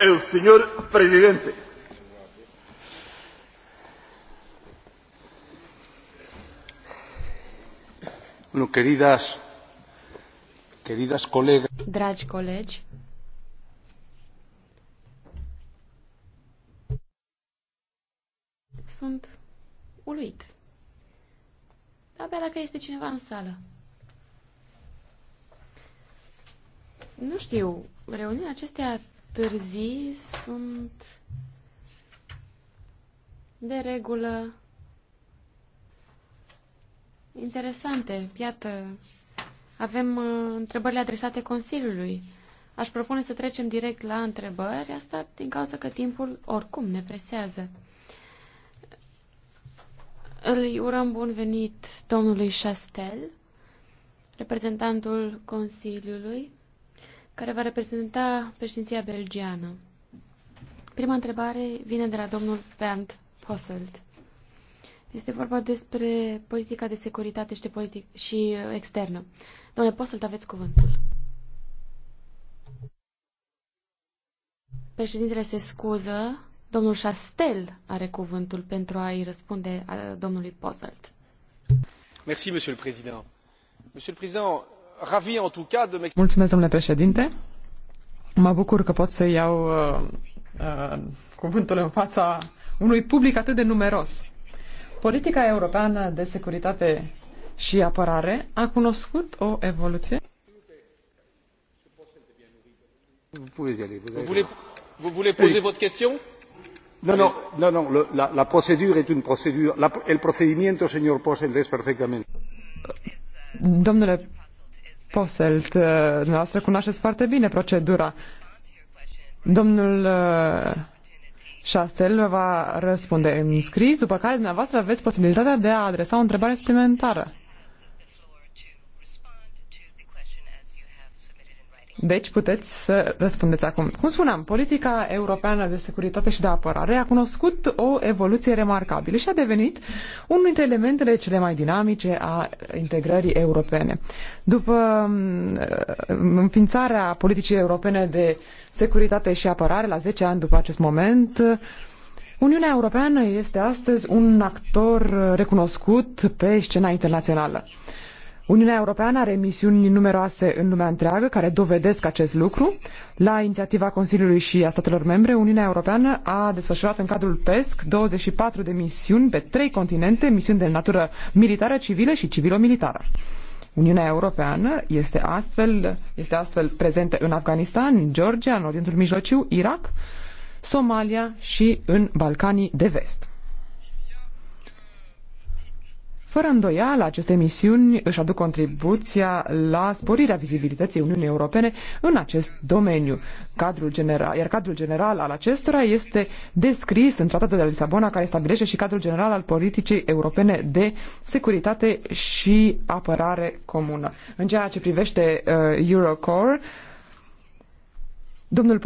el señor presidente. Bueno, queridas, queridas colegas. Dragi colegi. Sunt uluit. Abia dacă este cineva în sală. Nu știu, reuniunea acestea târzii sunt de regulă interesante. Iată, avem uh, întrebările adresate Consiliului. Aș propune să trecem direct la întrebări, asta din cauza că timpul oricum ne presează. Îl urăm bun venit domnului Chastel, reprezentantul Consiliului care va reprezenta președinția belgiană. Prima întrebare vine de la domnul Bernd Posselt. Este vorba despre politica de securitate și, de politic și uh, externă. Domnule Posselt, aveți cuvântul. Președintele se scuză. Domnul Chastel are cuvântul pentru a-i răspunde a uh, domnului Posselt. Mersi, monsieur le président. Monsieur le président, domnule președinte. Mă bucur că pot să iau uh, uh, cuvântul în fața unui public atât de numeros. Politica europeană de securitate și apărare a cunoscut o evoluție. Vous voulez poser votre question? No, no, no, no, la, la procedura este una procedură, el procedimiento, señor Posselt, es perfectamente. Domnule Poselt, uh, dumneavoastră cunoașteți foarte bine procedura. Domnul uh, Șastel va răspunde în scris, după care dumneavoastră aveți posibilitatea de a adresa o întrebare suplimentară. Deci puteți să răspundeți acum. Cum spuneam, politica europeană de securitate și de apărare a cunoscut o evoluție remarcabilă și a devenit unul dintre elementele cele mai dinamice a integrării europene. După mm, înființarea politicii europene de securitate și apărare, la 10 ani după acest moment, Uniunea Europeană este astăzi un actor recunoscut pe scena internațională. Uniunea Europeană are misiuni numeroase în lumea întreagă care dovedesc acest lucru. La inițiativa Consiliului și a statelor membre, Uniunea Europeană a desfășurat în cadrul PESC 24 de misiuni pe trei continente, misiuni de natură militară, civilă și civilo-militară. Uniunea Europeană este astfel, este astfel prezentă în Afganistan, în Georgia, în Orientul Mijlociu, Irak, Somalia și în Balcanii de Vest. Fără îndoială, aceste misiuni își aduc contribuția la sporirea vizibilității Uniunii Europene în acest domeniu. Cadrul general, iar cadrul general al acestora este descris în Tratatul de la Lisabona, care stabilește și cadrul general al politicii europene de securitate și apărare comună. În ceea ce privește uh, Eurocore, Domnul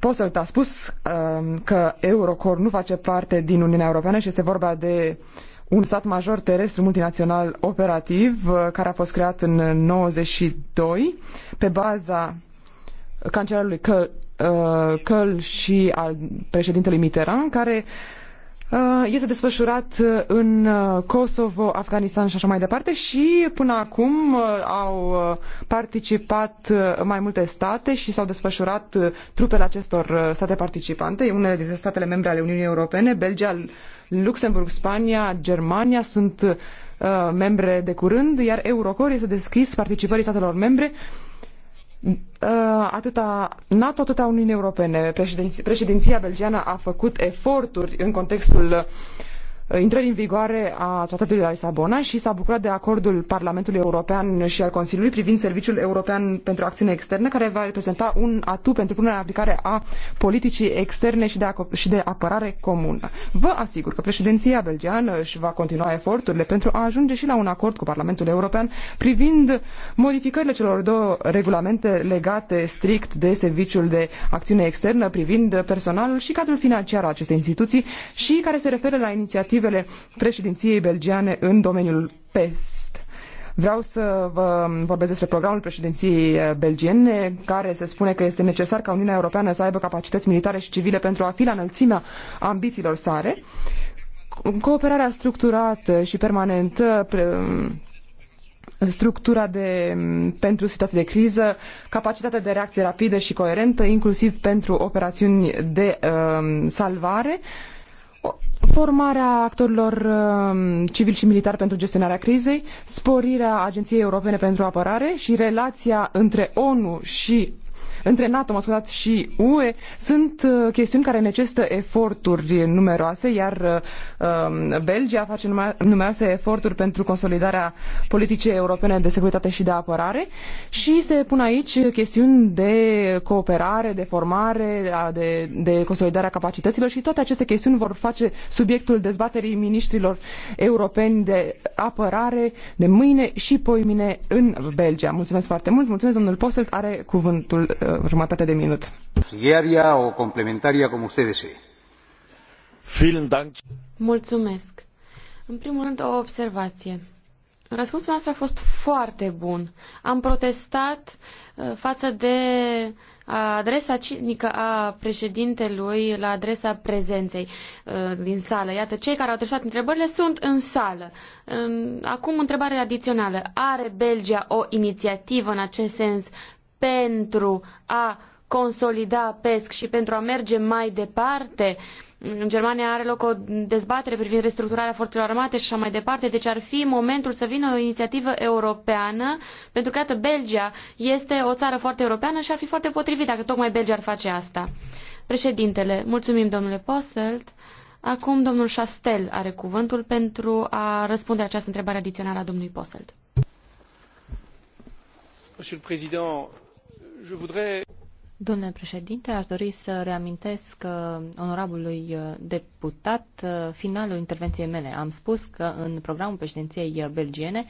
Posel a spus uh, că Eurocore nu face parte din Uniunea Europeană și este vorba de uh, un stat major terestru multinațional operativ uh, care a fost creat în 92 uh, pe baza cancelarului Căl, uh, Căl și al președintelui Mitterrand, care Uh, este desfășurat uh, în uh, Kosovo, Afganistan și așa mai departe și până acum au participat mai multe state și s-au desfășurat trupele acestor state participante. Unele dintre statele membre ale Uniunii Europene, Belgia, Luxemburg, Spania, Germania sunt membre de curând, iar Eurocor este deschis participării statelor membre uh, Uh, atâta NATO, atâta Uniunii Europene. președinția belgiană a făcut eforturi în contextul uh, Uh, intrării în vigoare a Tratatului de la Lisabona și s-a bucurat de acordul Parlamentului European și al Consiliului privind Serviciul European pentru Acțiune Externă, care va reprezenta un atu pentru punerea în aplicare a politicii externe și de, și de apărare comună. Vă asigur că președinția belgiană își va continua eforturile pentru a ajunge și la un acord cu Parlamentul European privind modificările celor două regulamente legate strict de Serviciul de Acțiune Externă privind personalul și cadrul financiar al acestei instituții și care se referă la inițiative obiectivele președinției belgiane în domeniul PEST. Vreau să vă vorbesc despre programul președinției eh, belgiene, care se spune că este necesar ca Uniunea Europeană să aibă capacități militare și civile pentru a fi la înălțimea ambițiilor sare. Cooperarea structurată și permanentă mm, structura de, mm, pentru situații de criză, capacitatea de reacție rapidă și coerentă, inclusiv pentru operațiuni de uh, salvare, uh, formarea actorilor um, civili și militari pentru gestionarea crizei, sporirea Agenției Europene pentru Apărare și relația între ONU și între NATO, mă scuzați, și UE sunt uh, chestiuni care necesită eforturi numeroase, iar uh, um, Belgia face numeroase eforturi pentru consolidarea politicii europene de securitate și de apărare și se pun aici chestiuni de cooperare, de formare, de, de consolidarea capacităților și toate aceste chestiuni vor face subiectul dezbaterii ministrilor europeni de apărare de mâine și poimine în Belgia. Mulțumesc foarte mult, mulțumesc domnul Postel, are cuvântul uh, jumătate de minut. Diaria o complementaria, cum usted desee. Mulțumesc. În primul rând, o observație. Răspunsul nostru a fost foarte bun. Am protestat uh, față de uh, adresa cinică a președintelui la adresa prezenței uh, din sală. Iată, cei care au adresat întrebările sunt în sală. Um, acum, întrebare adițională. Are Belgia o inițiativă în acest sens pentru a consolida PESC și pentru a merge mai departe. În Germania are loc o dezbatere privind restructurarea forțelor armate și așa mai departe, deci ar fi momentul să vină o inițiativă europeană, pentru că, iată, Belgia este o țară foarte europeană și ar fi foarte potrivit dacă tocmai Belgia ar face asta. Președintele, mulțumim domnule Posselt. Acum domnul Șastel are cuvântul pentru a răspunde această întrebare adițională a domnului Posselt. Monsieur le Président, Domnule președinte, aș dori să reamintesc uh, onorabului uh, deputat uh, finalul intervenției mele. Am spus că în programul președinției belgiene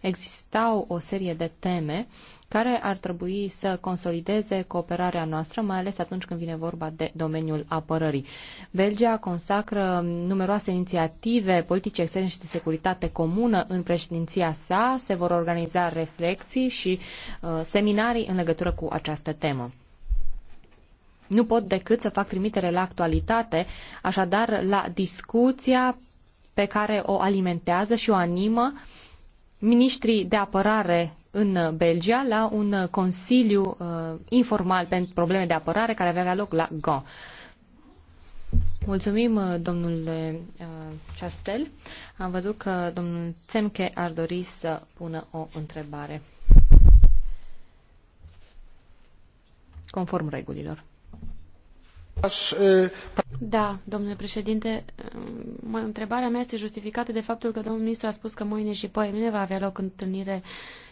existau o serie de teme uh, care ar trebui să consolideze cooperarea noastră, mai ales atunci când vine vorba de domeniul apărării. Belgia consacră numeroase inițiative politice externe și de securitate comună în președinția sa. Se vor organiza reflexii și uh, seminarii în legătură cu această temă. Nu pot decât să fac trimitere la actualitate, așadar la discuția pe care o alimentează și o animă ministrii de apărare în Belgia la un consiliu uh, informal pentru probleme de apărare care avea loc la Gand. Mulțumim, uh, domnule uh, Chastel. Am văzut că domnul Țemche ar dori să pună o întrebare. Conform regulilor. Da, domnule președinte, um, întrebarea mea este justificată de faptul că domnul ministru a spus că mâine și poimine va avea loc întâlnire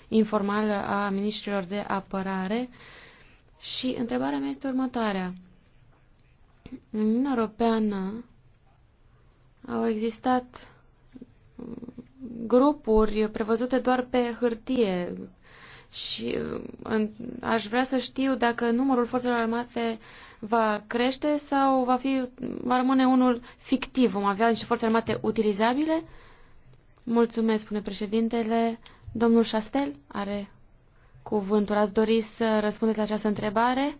informală a ministrilor de apărare. Și întrebarea mea este următoarea. În Uniunea Europeană au existat grupuri prevăzute doar pe hârtie și aș vrea să știu dacă numărul forțelor armate va crește sau va, fi, va rămâne unul fictiv. Vom avea niște forțe armate utilizabile? Mulțumesc, spune președintele. Domnul Șastel are cuvântul. Ați dori să răspundeți la această întrebare?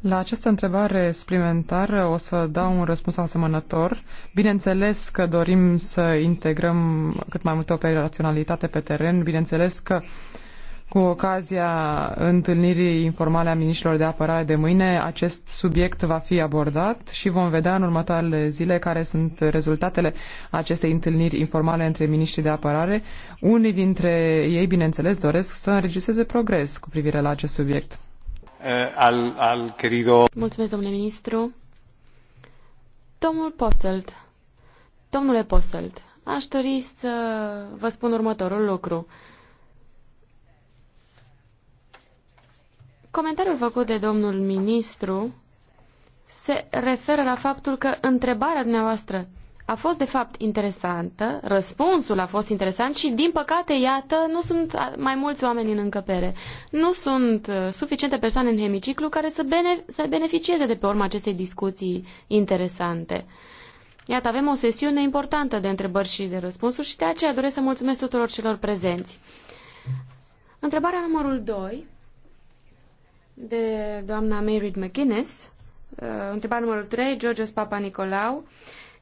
La această întrebare suplimentară o să dau un răspuns asemănător. Bineînțeles că dorim să integrăm cât mai multă operaționalitate pe teren, bineînțeles că uh, cu ocazia întâlnirii informale a ministrilor de apărare de mâine, acest subiect va fi abordat și vom vedea în următoarele zile care sunt rezultatele acestei întâlniri informale între ministrii de apărare. Unii dintre ei, bineînțeles, doresc să înregistreze progres cu privire la acest subiect. Eh, al, al querido... Mulțumesc, domnule ministru. Domnul Postelt, domnule Postelt, aș dori să vă spun următorul lucru. Comentariul făcut de domnul ministru se referă la faptul că întrebarea dumneavoastră a fost de fapt interesantă, răspunsul a fost interesant și din păcate, iată, nu sunt mai mulți oameni în încăpere. Nu sunt uh, suficiente persoane în hemiciclu care să, bene- să beneficieze de pe urma acestei discuții interesante. Iată, avem o sesiune importantă de întrebări și de răspunsuri și de aceea doresc să mulțumesc tuturor celor prezenți. Întrebarea numărul 2 de doamna Mary McGuinness, uh, întrebarea numărul 3, Georgios Papa Nicolau.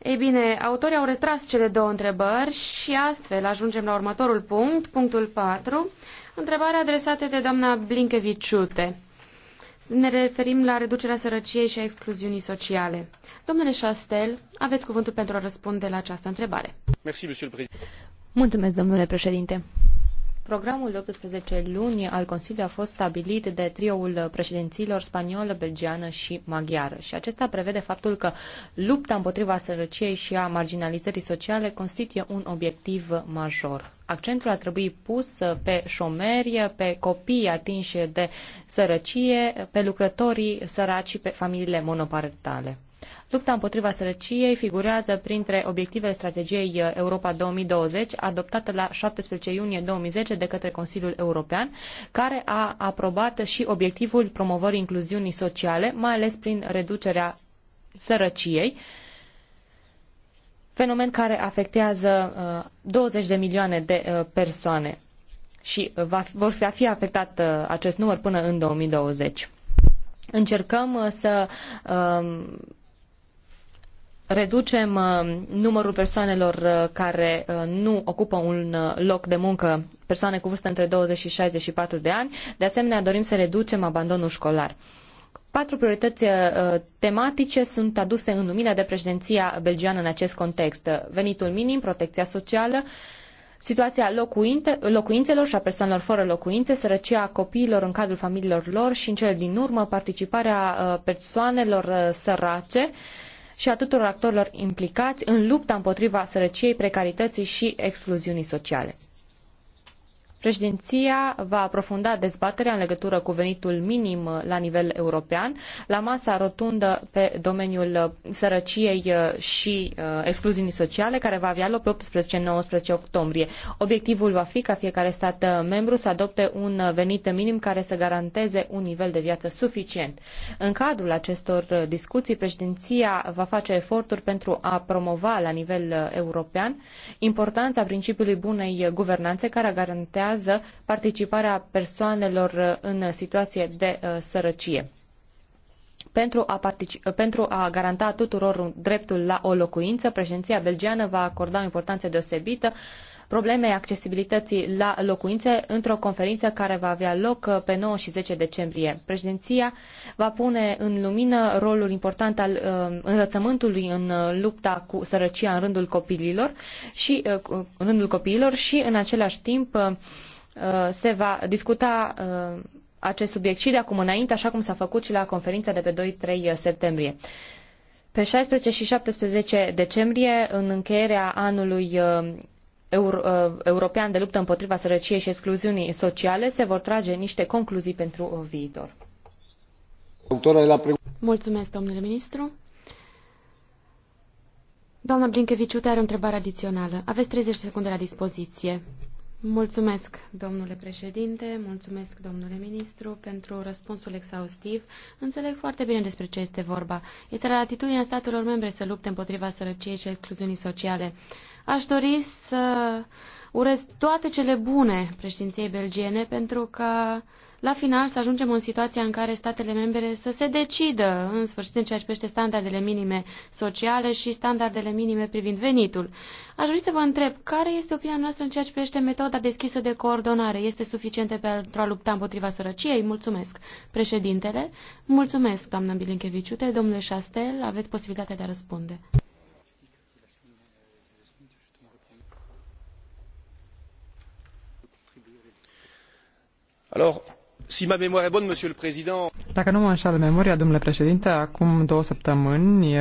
Ei bine, autorii au retras cele două întrebări și astfel ajungem la următorul punct, punctul 4, întrebarea adresată de doamna Blinkeviciute. Ne referim la reducerea sărăciei și a excluziunii sociale. Domnule Șastel, aveți cuvântul pentru a răspunde la această întrebare. Mulțumesc, domnule președinte. Programul de 18 luni al Consiliului a fost stabilit de trioul președinților spaniolă, belgiană și maghiară și acesta prevede faptul că lupta împotriva sărăciei și a marginalizării sociale constituie un obiectiv major. Accentul a trebuit pus pe șomeri, pe copii atinși de sărăcie, pe lucrătorii săraci și pe familiile monoparentale. Lupta împotriva sărăciei figurează printre obiectivele strategiei Europa 2020, adoptată la 17 iunie 2010 de către Consiliul European, care a aprobat și obiectivul promovării incluziunii sociale, mai ales prin reducerea sărăciei, fenomen care afectează 20 uh, de milioane de uh, persoane și uh, va, vor fi afectat acest număr până în 2020. Încercăm să reducem uh, numărul persoanelor uh, care uh, nu ocupă un loc de muncă, persoane cu vârstă între 20 și 64 de ani. De asemenea, dorim să reducem abandonul școlar. Patru priorități tematice sunt aduse în lumina de președinția belgiană în acest context. Venitul minim, protecția socială, situația locuințelor și a persoanelor fără locuințe, sărăcia copiilor în cadrul familiilor lor și, în cele din urmă, participarea persoanelor sărace uh, și a tuturor actorilor implicați în lupta împotriva sărăciei, precarității și excluziunii sociale. Președinția va aprofunda dezbaterea în legătură cu venitul minim la nivel european la masa rotundă pe domeniul uh, sărăciei uh, și uh, excluziunii sociale care va avea loc pe 18-19 octombrie. Obiectivul va fi ca fiecare stat membru să adopte un venit minim care să garanteze un nivel de viață suficient. În cadrul acestor discuții, președinția va face eforturi pentru a promova la nivel european importanța principiului bunei guvernanțe care garantează încurajează participarea persoanelor uh, în situație de uh, sărăcie. Pentru a, uh, pentru a garanta tuturor dreptul la o locuință, președinția belgiană va acorda o importanță deosebită uh, problemei accesibilității la locuințe într-o conferință care va avea loc uh, pe 9 și 10 decembrie. Președinția va pune în lumină rolul important al uh, învățământului în uh, lupta cu sărăcia în rândul copiilor și în rândul copiilor și în același timp se va discuta acest subiect și de acum înainte, așa cum s-a făcut și la conferința de pe 2-3 septembrie. Pe 16 și 17 decembrie, în încheierea anului euro, uh, european de luptă împotriva sărăciei și excluziunii sociale, se vor trage niște concluzii pentru uh, viitor. Mulțumesc, domnule ministru. Doamna Brinkeviciute are o întrebare adițională. Aveți 30 secunde la dispoziție. Mulțumesc, domnule președinte, mulțumesc, domnule ministru, pentru răspunsul exhaustiv. Înțeleg foarte bine despre ce este vorba. Este la atitudinea statelor membre să lupte împotriva sărăciei și excluziunii sociale. Aș dori să urez toate cele bune președinției belgiene pentru că la final să ajungem în situația în care statele membre să se decidă în sfârșit în ceea ce privește standardele minime sociale și standardele minime privind venitul. Aș vrea să vă întreb, care este opinia noastră în ceea ce privește metoda deschisă de coordonare? Este suficientă pentru a lupta împotriva sărăciei? Mulțumesc. Președintele, mulțumesc, doamna Bilinkeviciute, domnule Șastel, aveți posibilitatea de a răspunde. Alors, si ma mémoire Dacă nu mă înșală memoria, domnule președinte, acum două săptămâni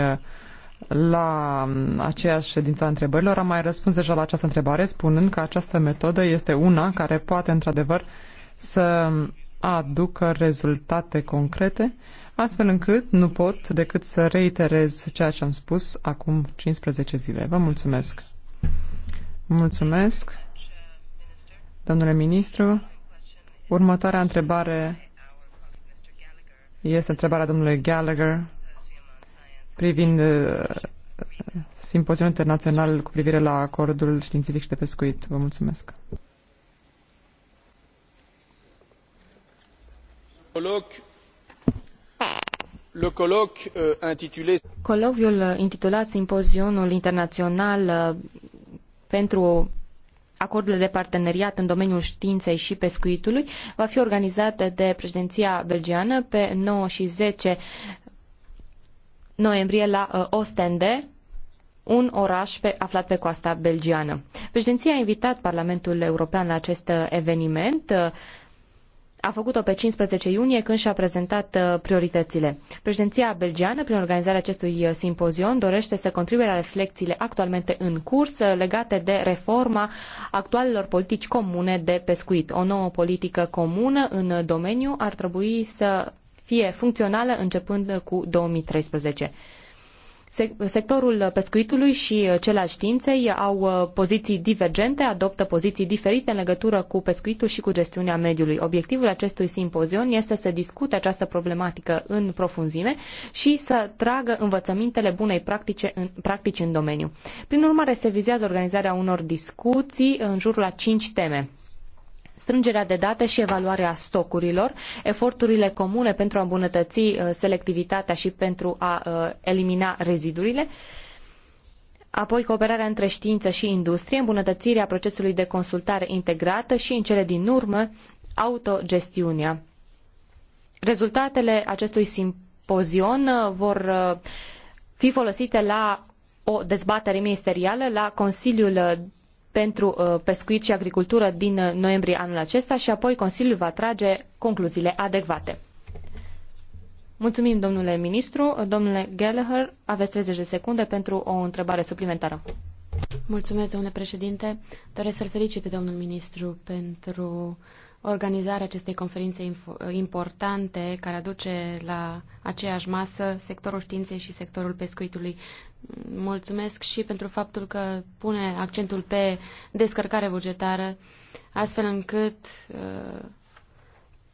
la aceeași ședință a întrebărilor am mai răspuns deja la această întrebare spunând că această metodă este una care poate într-adevăr să aducă rezultate concrete, astfel încât nu pot decât să reiterez ceea ce am spus acum 15 zile. Vă mulțumesc! Mulțumesc, domnule ministru! Următoarea întrebare este întrebarea domnului Gallagher privind uh, simpozionul internațional cu privire la acordul științific și de pescuit. Vă mulțumesc. Euh, Coloviul intitulat Simpozionul Internațional uh, pentru acordurile de parteneriat în domeniul științei și pescuitului va fi organizată de președinția belgiană pe 9 și 10 noiembrie la uh, Ostende, un oraș pe, aflat pe coasta belgiană. Președinția a invitat Parlamentul European la acest uh, eveniment uh, a făcut-o pe 15 iunie când și-a prezentat uh, prioritățile. Președinția belgiană, prin organizarea acestui uh, simpozion, dorește să contribuie la reflexiile actualmente în curs uh, legate de reforma actualelor politici comune de pescuit. O nouă politică comună în domeniu ar trebui să fie funcțională începând cu 2013. Sectorul pescuitului și uh, cel al științei au uh, poziții divergente, adoptă poziții diferite în legătură cu pescuitul și cu gestiunea mediului. Obiectivul acestui simpozion este să discute această problematică în profunzime și să tragă învățămintele bunei practice în, practici în domeniu. Prin urmare, se vizează organizarea unor discuții în jurul a cinci teme strângerea de date și evaluarea stocurilor, eforturile comune pentru a îmbunătăți uh, selectivitatea și pentru a uh, elimina rezidurile, apoi cooperarea între știință și industrie, îmbunătățirea procesului de consultare integrată și, în cele din urmă, autogestiunea. Rezultatele acestui simpozion uh, vor fi folosite la o dezbatere ministerială la Consiliul pentru uh, pescuit și agricultură din uh, noiembrie anul acesta și apoi Consiliul va trage concluziile adecvate. Mulțumim, domnule ministru. Domnule Gallagher, aveți 30 de secunde pentru o întrebare suplimentară. Mulțumesc, domnule președinte. Doresc să-l felicit pe domnul ministru pentru uh, organizarea acestei conferințe importante care aduce la aceeași masă sectorul științei și sectorul pescuitului. Mulțumesc și pentru faptul că pune accentul pe descărcare bugetară, astfel încât uh,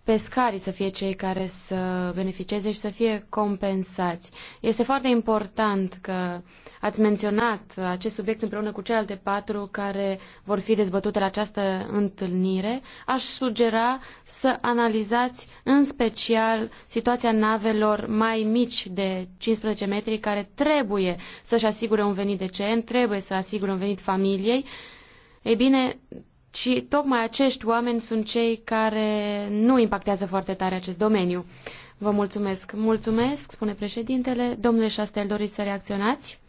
pescarii să fie cei care să beneficieze și să fie compensați. Este foarte important că ați menționat acest subiect împreună cu celelalte patru care vor fi dezbătute la această întâlnire. Aș sugera să analizați în special situația navelor mai mici de 15 metri care trebuie să-și asigure un venit decent, trebuie să asigure un venit familiei. Ei bine, și tocmai acești oameni sunt cei care nu impactează foarte tare acest domeniu. Vă mulțumesc. Mulțumesc, spune președintele. Domnule Șastel, doriți să reacționați?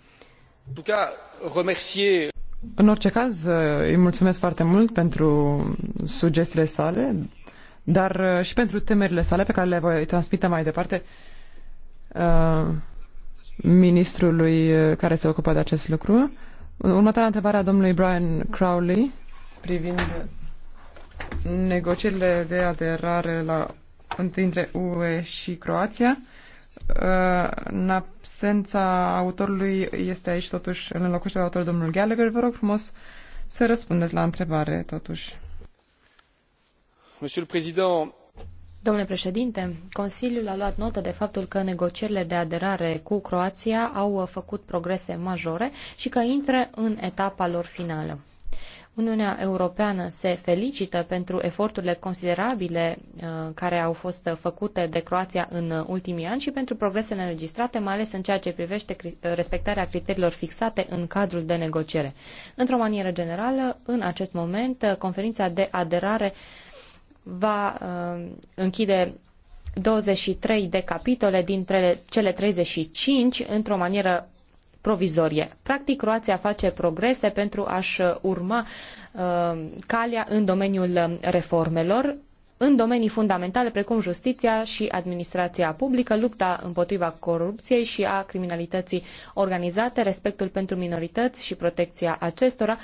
În orice caz, îi mulțumesc foarte mult pentru sugestiile sale, dar uh, și pentru temerile sale pe care le voi transmite mai departe uh, ministrului uh, care se ocupă de acest lucru. Următoarea întrebare a domnului Brian Crowley privind negocierile de aderare la, între UE și Croația. În absența autorului este aici totuși, în locul pe domnul Gallagher. Vă rog frumos să răspundeți la întrebare totuși. Monsieur le Président, Domnule președinte, Consiliul a luat notă de faptul că negocierile de aderare cu Croația au făcut progrese majore și că intră în etapa lor finală. Uniunea Europeană se felicită pentru eforturile considerabile uh, care au fost făcute de Croația în ultimii ani și pentru progresele înregistrate, mai ales în ceea ce privește respectarea criteriilor fixate în cadrul de negociere. Într-o manieră generală, în acest moment, uh, conferința de aderare va uh, închide 23 de capitole dintre cele 35 într-o manieră provizorie. Practic, Croația face progrese pentru a-și uh, urma uh, calea în domeniul uh, reformelor, în domenii fundamentale precum justiția și administrația publică, lupta împotriva corupției și a criminalității organizate, respectul pentru minorități și protecția acestora.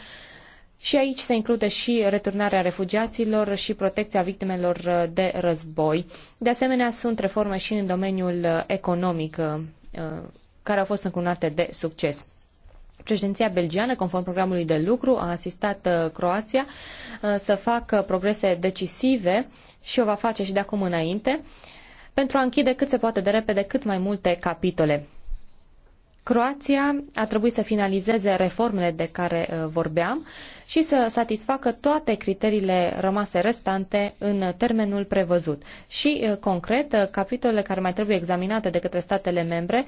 Și aici se include și returnarea refugiaților și protecția victimelor uh, de război. De asemenea, sunt reforme și în domeniul economic care au fost încunate de succes. Președinția belgiană, conform programului de lucru, a asistat uh, Croația uh, să facă progrese decisive și o va face și de acum înainte pentru a închide cât se poate de repede cât mai multe capitole. Croația a trebuit să finalizeze reformele de care uh, vorbeam și să satisfacă toate criteriile rămase restante în termenul prevăzut. Și, concret, capitolele care mai trebuie examinate de către statele membre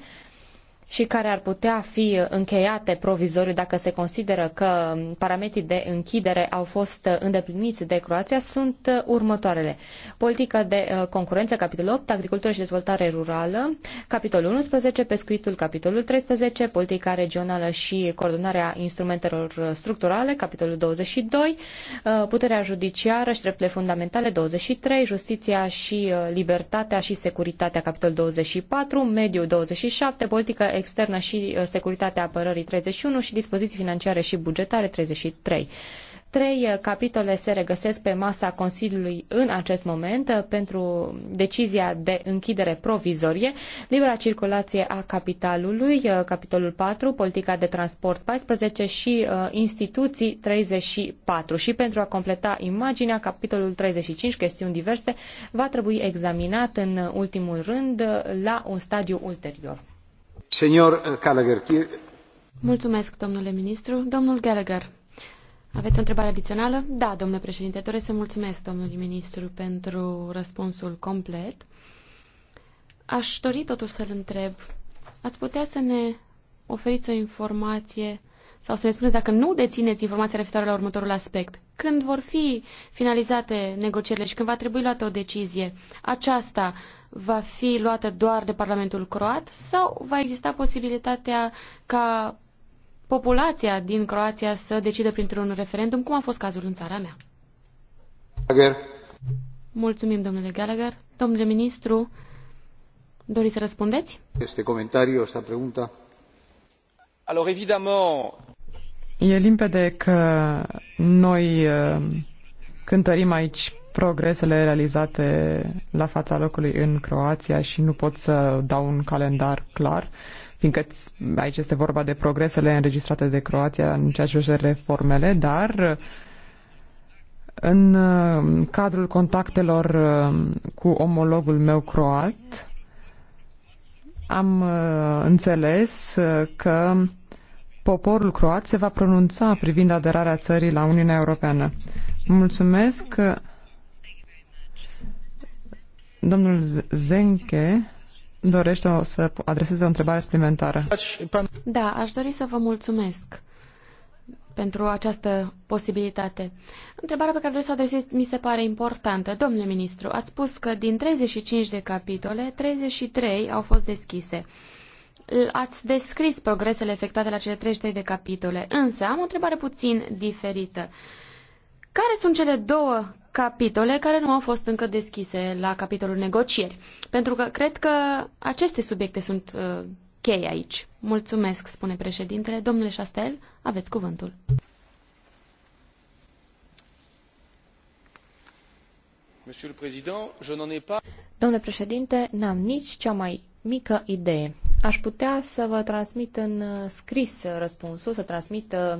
și care ar putea fi încheiate provizoriu dacă se consideră că parametrii de închidere au fost îndepliniți de Croația sunt uh, următoarele. Politica de uh, concurență, capitolul 8, agricultură și dezvoltare rurală, capitolul 11, pescuitul, capitolul 13, politica regională și coordonarea instrumentelor uh, structurale, capitolul 22, puterea judiciară și drepturile fundamentale, 23, justiția și libertatea și securitatea, capitolul 24, mediu 27, politică externă și uh, securitatea apărării 31 și dispoziții financiare și bugetare 33. Trei uh, capitole se regăsesc pe masa Consiliului în acest moment uh, pentru decizia de închidere provizorie, libera circulație a capitalului, capitolul 4, politica de transport 14 și uh, instituții 34. Și pentru a completa imaginea, capitolul 35, chestiuni diverse, va trebui examinat în ultimul rând la un stadiu ulterior. Senior eh, Gallagher. Mulțumesc, domnule ministru. Domnul Gallagher, aveți o întrebare adițională? Da, domnule președinte, doresc să mulțumesc domnului ministru pentru răspunsul complet. Aș dori totuși să-l întreb, ați putea să ne oferiți o informație sau să ne spuneți dacă nu dețineți informația referitoare la următorul aspect. Când vor fi finalizate negocierile și când va trebui luată o decizie, aceasta va fi luată doar de Parlamentul croat sau va exista posibilitatea ca populația din Croația să decide printr-un referendum, cum a fost cazul în țara mea? Gallagher. Mulțumim, domnule Gallagher. Domnule ministru, doriți să răspundeți? Este comentariu, asta pregunta. Alors, évidemment... E limpede că noi uh, cântărim aici progresele realizate la fața locului în Croația și nu pot să dau un calendar clar, fiindcă aici este vorba de progresele înregistrate de Croația în ceea ce privește reformele, dar în cadrul contactelor cu omologul meu croat am înțeles că poporul croat se va pronunța privind aderarea țării la Uniunea Europeană. Mulțumesc! Domnul Zenke dorește o să adreseze o întrebare suplimentară. Da, aș dori să vă mulțumesc pentru această posibilitate. Întrebarea pe care vreau să o adresez mi se pare importantă. Domnule ministru, ați spus că din 35 de capitole, 33 au fost deschise. Ați descris progresele efectuate la cele 33 de capitole, însă am o întrebare puțin diferită. Care sunt cele două capitole care nu au fost încă deschise la capitolul negocieri, pentru că cred că aceste subiecte sunt uh, aici. Mulțumesc, spune președintele. Domnule Șastel, aveți cuvântul. Domnule președinte, n-am nici cea mai mică idee. Aș putea să vă transmit în uh, scris răspunsul, să transmit uh,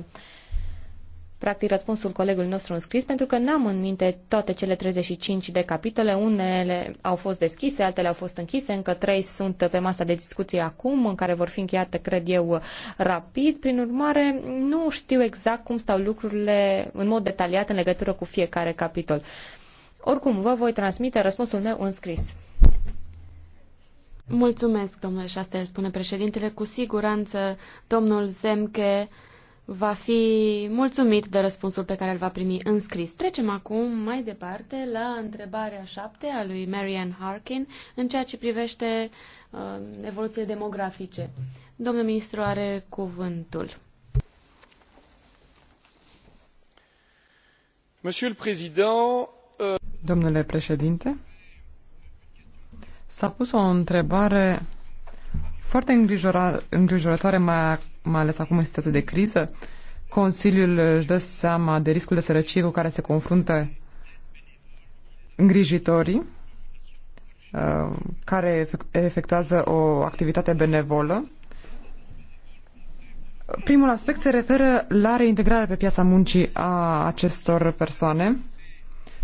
practic răspunsul colegului nostru în scris, pentru că n-am în minte toate cele 35 de capitole. Unele au fost deschise, altele au fost închise, încă trei sunt pe masa de discuție acum, în care vor fi încheiate, cred eu, rapid. Prin urmare, nu știu exact cum stau lucrurile în mod detaliat în legătură cu fiecare capitol. Oricum, vă voi transmite răspunsul meu în scris. Mulțumesc, domnule Șastel, spune președintele. Cu siguranță, domnul Zemke va fi mulțumit de răspunsul pe care îl va primi în scris. Trecem acum mai departe la întrebarea șapte a lui Marianne Harkin în ceea ce privește uh, evoluțiile demografice. Domnul ministru are cuvântul. Euh, Domnule președinte, s-a pus o întrebare foarte îngrijora, îngrijorătoare, mai, mai ales acum în situația de criză. Consiliul își dă seama de riscul de sărăcie cu care se confruntă îngrijitorii uh, care efectuează o activitate benevolă. Primul aspect se referă la reintegrarea pe piața muncii a acestor persoane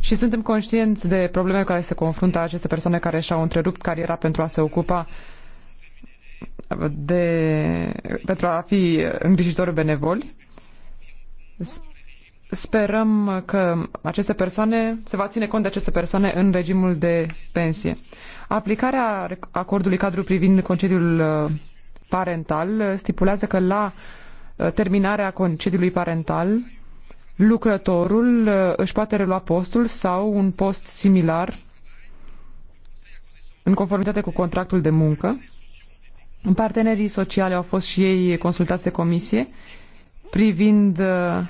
și suntem conștienți de problemele care se confruntă aceste persoane care și-au întrerupt cariera pentru a se ocupa uh, de, pentru a fi îngrijitori benevoli. Sperăm că aceste persoane, se va ține cont de aceste persoane în regimul de pensie. Aplicarea acordului cadru privind concediul uh, parental stipulează că la uh, terminarea concediului parental, lucrătorul uh, își poate relua postul sau un post similar în conformitate cu contractul de muncă Partenerii sociale au fost și ei consultați de comisie privind uh,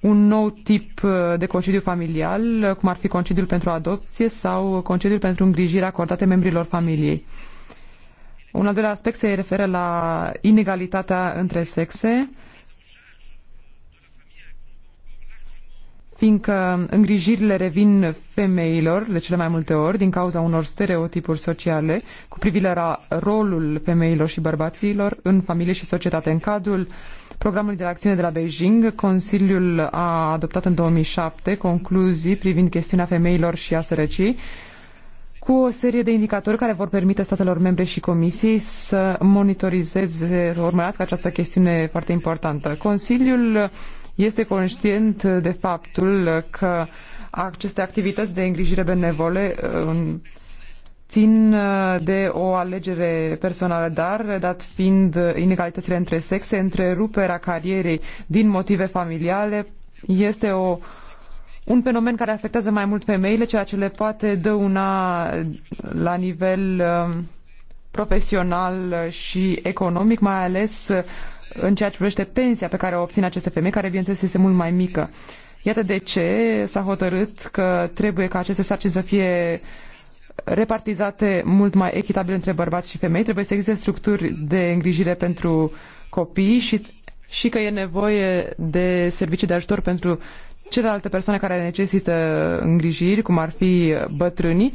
un nou tip uh, de concediu familial, uh, cum ar fi concediul pentru adopție sau concediul pentru îngrijire acordate membrilor familiei. Un al doilea aspect se referă la inegalitatea între sexe. fiindcă îngrijirile revin femeilor de cele mai multe ori din cauza unor stereotipuri sociale cu privire la rolul femeilor și bărbaților în familie și societate. În cadrul programului de la acțiune de la Beijing, Consiliul a adoptat în 2007 concluzii privind chestiunea femeilor și a sărăcii cu o serie de indicatori care vor permite statelor membre și comisiei să monitorizeze, să urmărească această chestiune foarte importantă. Consiliul este conștient de faptul că aceste activități de îngrijire benevole uh, țin uh, de o alegere personală, dar, dat fiind inegalitățile între sexe, întreruperea carierei din motive familiale este o, un fenomen care afectează mai mult femeile, ceea ce le poate dăuna uh, la nivel profesional și economic, mai ales în ceea ce privește pensia pe care o obțin aceste femei, care bineînțeles este mult mai mică. Iată de ce s-a hotărât că trebuie ca aceste sarcini să fie repartizate mult mai echitabil între bărbați și femei, trebuie să existe structuri de îngrijire pentru copii și, și că e nevoie de servicii de ajutor pentru celelalte persoane care necesită îngrijiri, cum ar fi bătrânii,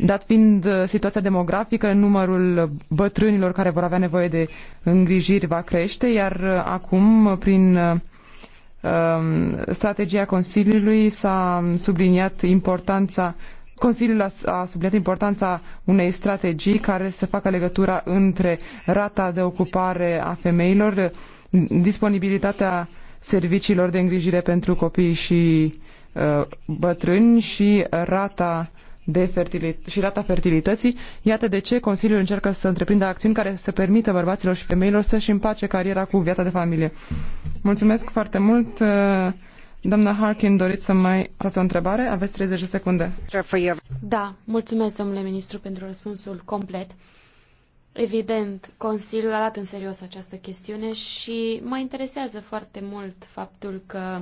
Dat fiind uh, situația demografică, numărul uh, bătrânilor care vor avea nevoie de îngrijiri va crește, iar uh, acum, prin um, strategia Consiliului, s-a subliniat importanța Consiliul a subliniat importanța unei strategii care să facă legătura între rata de ocupare a femeilor, disponibilitatea serviciilor de îngrijire pentru copii și uh, bătrâni și rata de fertilit- și rata fertilității. Iată de ce Consiliul încearcă să întreprindă acțiuni care să permită bărbaților și femeilor să-și împace cariera cu viața de familie. Mulțumesc foarte mult. Uh, doamna Harkin, doriți să mai dați o întrebare? Aveți 30 de secunde. Da, mulțumesc, domnule ministru, pentru răspunsul complet. Evident, Consiliul a luat în serios această chestiune și mă interesează foarte mult faptul că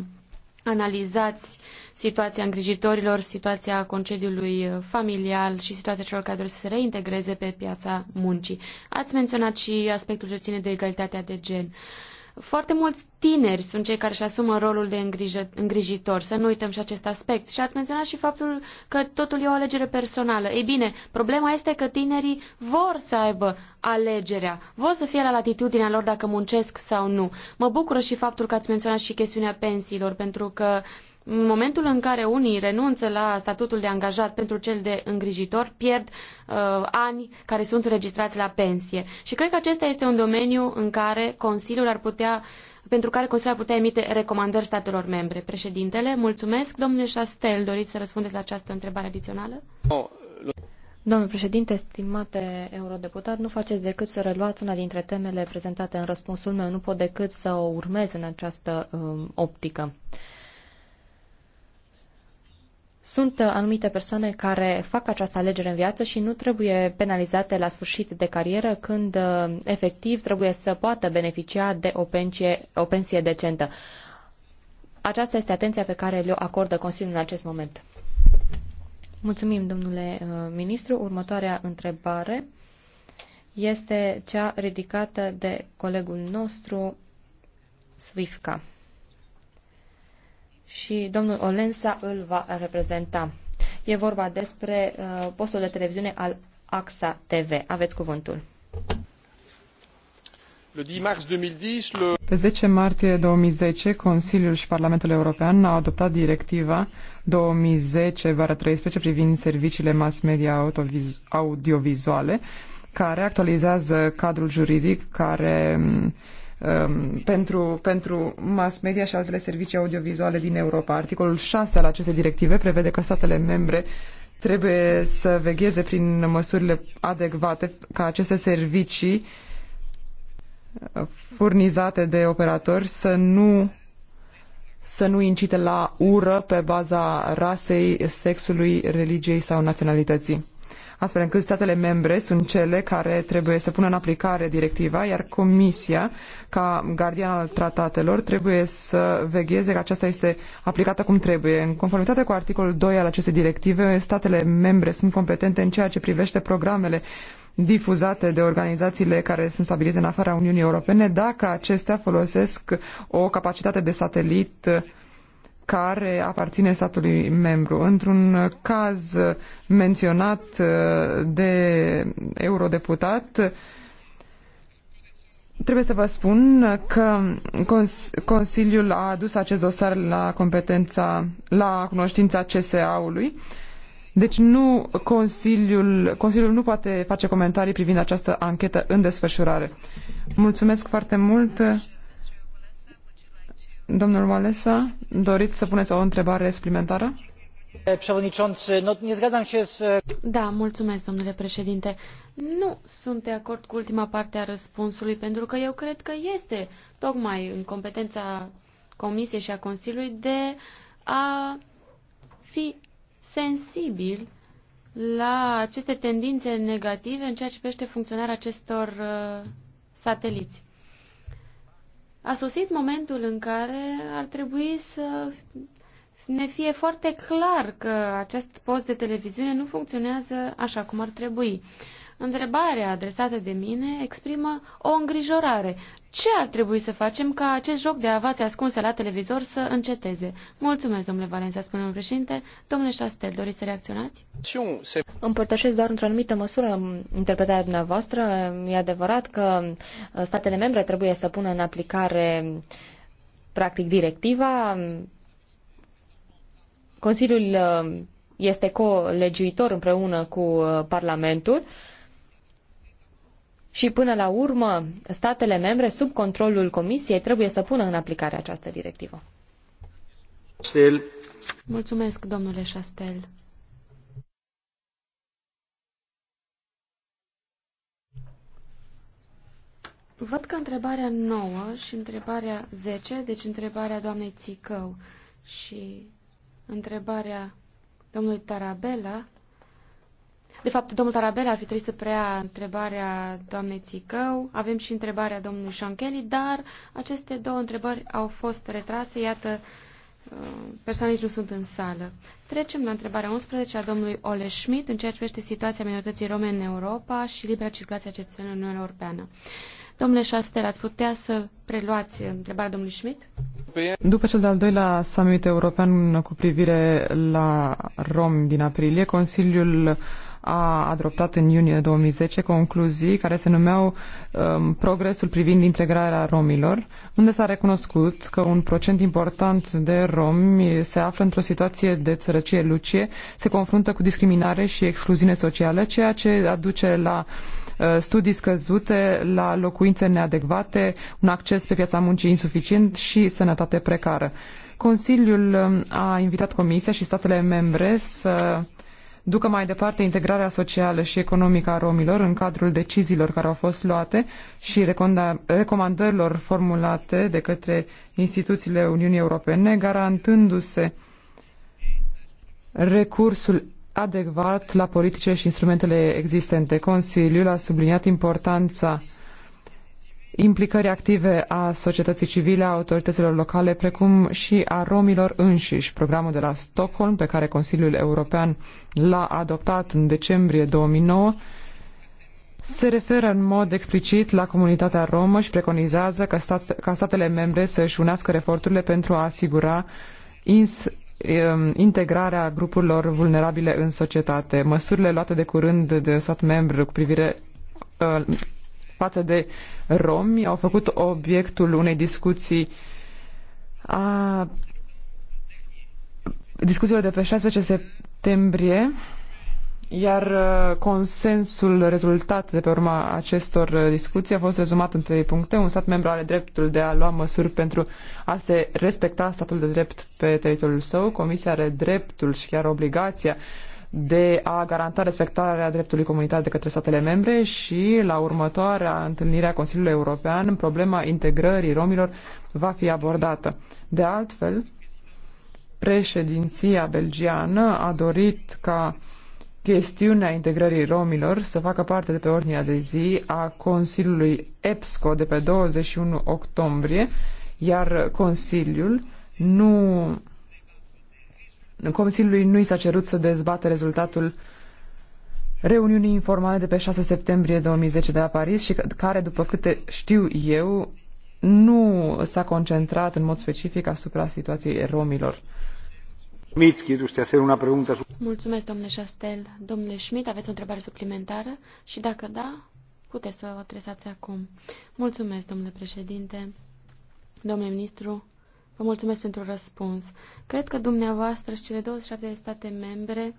analizați situația îngrijitorilor, situația concediului familial și situația celor care doresc să se reintegreze pe piața muncii. Ați menționat și aspectul ce ține de egalitatea de gen. Uh, foarte mulți tineri sunt cei care își asumă rolul de îngrijă, îngrijitor, să nu uităm și acest aspect. Și ați menționat și faptul că totul e o alegere personală. Ei bine, problema este că tinerii vor să aibă alegerea, vor să fie la latitudinea lor dacă muncesc sau nu. Mă bucură și faptul că ați menționat și chestiunea pensiilor, pentru că uh, în momentul în care unii renunță la statutul de angajat pentru cel de îngrijitor, pierd uh, ani care sunt înregistrați la pensie. Și cred că acesta este un domeniu în care Consiliul ar putea pentru care Consiliul ar putea emite recomandări statelor membre. Președintele, mulțumesc. Domnule Șastel, doriți să răspundeți la această întrebare adițională? No. Domnul președinte, stimate eurodeputat, nu faceți decât să reluați una dintre temele prezentate în răspunsul meu. Nu pot decât să o urmez în această um, optică. Sunt uh, anumite persoane care fac această alegere în viață și nu trebuie penalizate la sfârșit de carieră când uh, efectiv trebuie să poată beneficia de o pensie, o pensie decentă. Aceasta este atenția pe care le-o acordă Consiliul în acest moment. Mulțumim, domnule uh, ministru. Următoarea întrebare este cea ridicată de colegul nostru, Swifka și domnul Olensa îl va reprezenta. E vorba despre uh, postul de televiziune al AXA TV. Aveți cuvântul. Pe 10 martie 2010, Consiliul și Parlamentul European au adoptat directiva 2010-13 privind serviciile mass media audiovizuale, care actualizează cadrul juridic care mm, um, pentru, pentru mass media și altele servicii audiovizuale din Europa. Articolul 6 al acestei directive prevede că statele membre trebuie să vegheze prin măsurile adecvate ca aceste servicii uh, furnizate de operatori să nu să nu incite la ură pe baza rasei, sexului, religiei sau naționalității astfel încât statele membre sunt cele care trebuie să pună în aplicare directiva, iar Comisia, ca gardian al tratatelor, trebuie să vegheze că aceasta este aplicată cum trebuie. În conformitate cu articolul 2 al acestei directive, statele membre sunt competente în ceea ce privește programele difuzate de organizațiile care sunt stabilite în afara Uniunii Europene, dacă acestea folosesc o capacitate de satelit uh, care aparține statului membru. Într-un caz menționat uh, de eurodeputat, Trebuie să vă spun că Consiliul a adus acest dosar la competența, la cunoștința CSA-ului. Deci nu Consiliul, Consiliul nu poate face comentarii privind această anchetă în desfășurare. Mulțumesc foarte mult. Domnul Walesa, doriți să puneți o întrebare suplimentară? nu, Da, mulțumesc, domnule președinte. Nu sunt de acord cu ultima parte a răspunsului, pentru că eu cred că este tocmai în competența Comisiei și a Consiliului de a fi sensibil la aceste tendințe negative în ceea ce privește funcționarea acestor uh, sateliți a sosit momentul în care ar trebui să ne fie foarte clar că acest post de televiziune nu funcționează așa cum ar trebui. Întrebarea adresată de mine exprimă o îngrijorare. Ce ar trebui să facem ca acest joc de avați ascunse la televizor să înceteze? Mulțumesc, domnule Valența, spune un președinte. Domnule Șastel, doriți să reacționați? Împărtășesc doar într-o anumită măsură interpretarea dumneavoastră. E adevărat că uh, statele membre trebuie să pună în aplicare practic directiva. Consiliul uh, este colegiuitor împreună cu uh, Parlamentul. Uh, și până la urmă, statele membre, sub controlul Comisiei, trebuie să pună în aplicare această directivă. Chastel. Mulțumesc, domnule Șastel. Văd că întrebarea 9 și întrebarea 10, deci întrebarea doamnei Țicău și întrebarea domnului Tarabela de fapt, domnul Tarabel ar fi trebuit să preia întrebarea doamnei Țicău. Avem și întrebarea domnului Sean Kelly, dar aceste două întrebări au fost retrase. Iată, uh, persoane nici nu sunt în sală. Trecem la întrebarea 11 a domnului Ole Schmidt în ceea ce privește situația minorității rome în Europa și libera circulație a cetățenilor în Uniunea Europeană. Domnule Șastel, ați putea să preluați întrebarea domnului Schmidt? După cel de-al doilea summit european cu privire la rom din aprilie, Consiliul a adoptat în iunie 2010 concluzii care se numeau um, Progresul privind integrarea romilor, unde s-a recunoscut că un procent important de romi se află într-o situație de sărăcie lucie, se confruntă cu discriminare și excluziune socială, ceea ce aduce la uh, studii scăzute, la locuințe neadecvate, un acces pe piața muncii insuficient și sănătate precară. Consiliul um, a invitat Comisia și statele membre să ducă mai departe integrarea socială și economică a romilor în cadrul deciziilor care au fost luate și recomandărilor formulate de către instituțiile Uniunii Europene, garantându-se recursul adecvat la politicile și instrumentele existente. Consiliul a subliniat importanța implicări active a societății civile, a autorităților locale, precum și a romilor înșiși. Programul de la Stockholm, pe care Consiliul European l-a adoptat în decembrie 2009, se referă în mod explicit la comunitatea romă și preconizează ca, stat, ca statele membre să își unească eforturile pentru a asigura ins, um, integrarea grupurilor vulnerabile în societate. Măsurile luate de curând de stat membru cu privire uh, față de uh, romi au făcut obiectul unei discuții a discuțiilor de pe 16 septembrie, iar uh, consensul rezultat de pe urma acestor uh, discuții a fost rezumat în trei puncte. Un stat membru are dreptul de a lua măsuri pentru a se respecta statul de drept pe teritoriul său, Comisia are dreptul și chiar obligația de a garanta respectarea dreptului comunitar de către statele membre și la următoarea întâlnire a Consiliului European problema integrării romilor va fi abordată. De altfel, președinția belgiană a dorit ca chestiunea integrării romilor să facă parte de pe ordinea de zi a Consiliului EPSCO de pe 21 octombrie, iar Consiliul nu Consiliului nu i s-a cerut să dezbată rezultatul reuniunii informale de pe 6 septembrie 2010 de la Paris și care, după câte știu eu, nu s-a concentrat în mod specific asupra situației romilor. Mulțumesc, domnule Șastel. Domnule Schmidt, aveți o întrebare suplimentară? Și dacă da, puteți să o adresați acum. Mulțumesc, domnule președinte. Domnule ministru, Vă mulțumesc pentru răspuns. Cred că dumneavoastră și cele 27 de state membre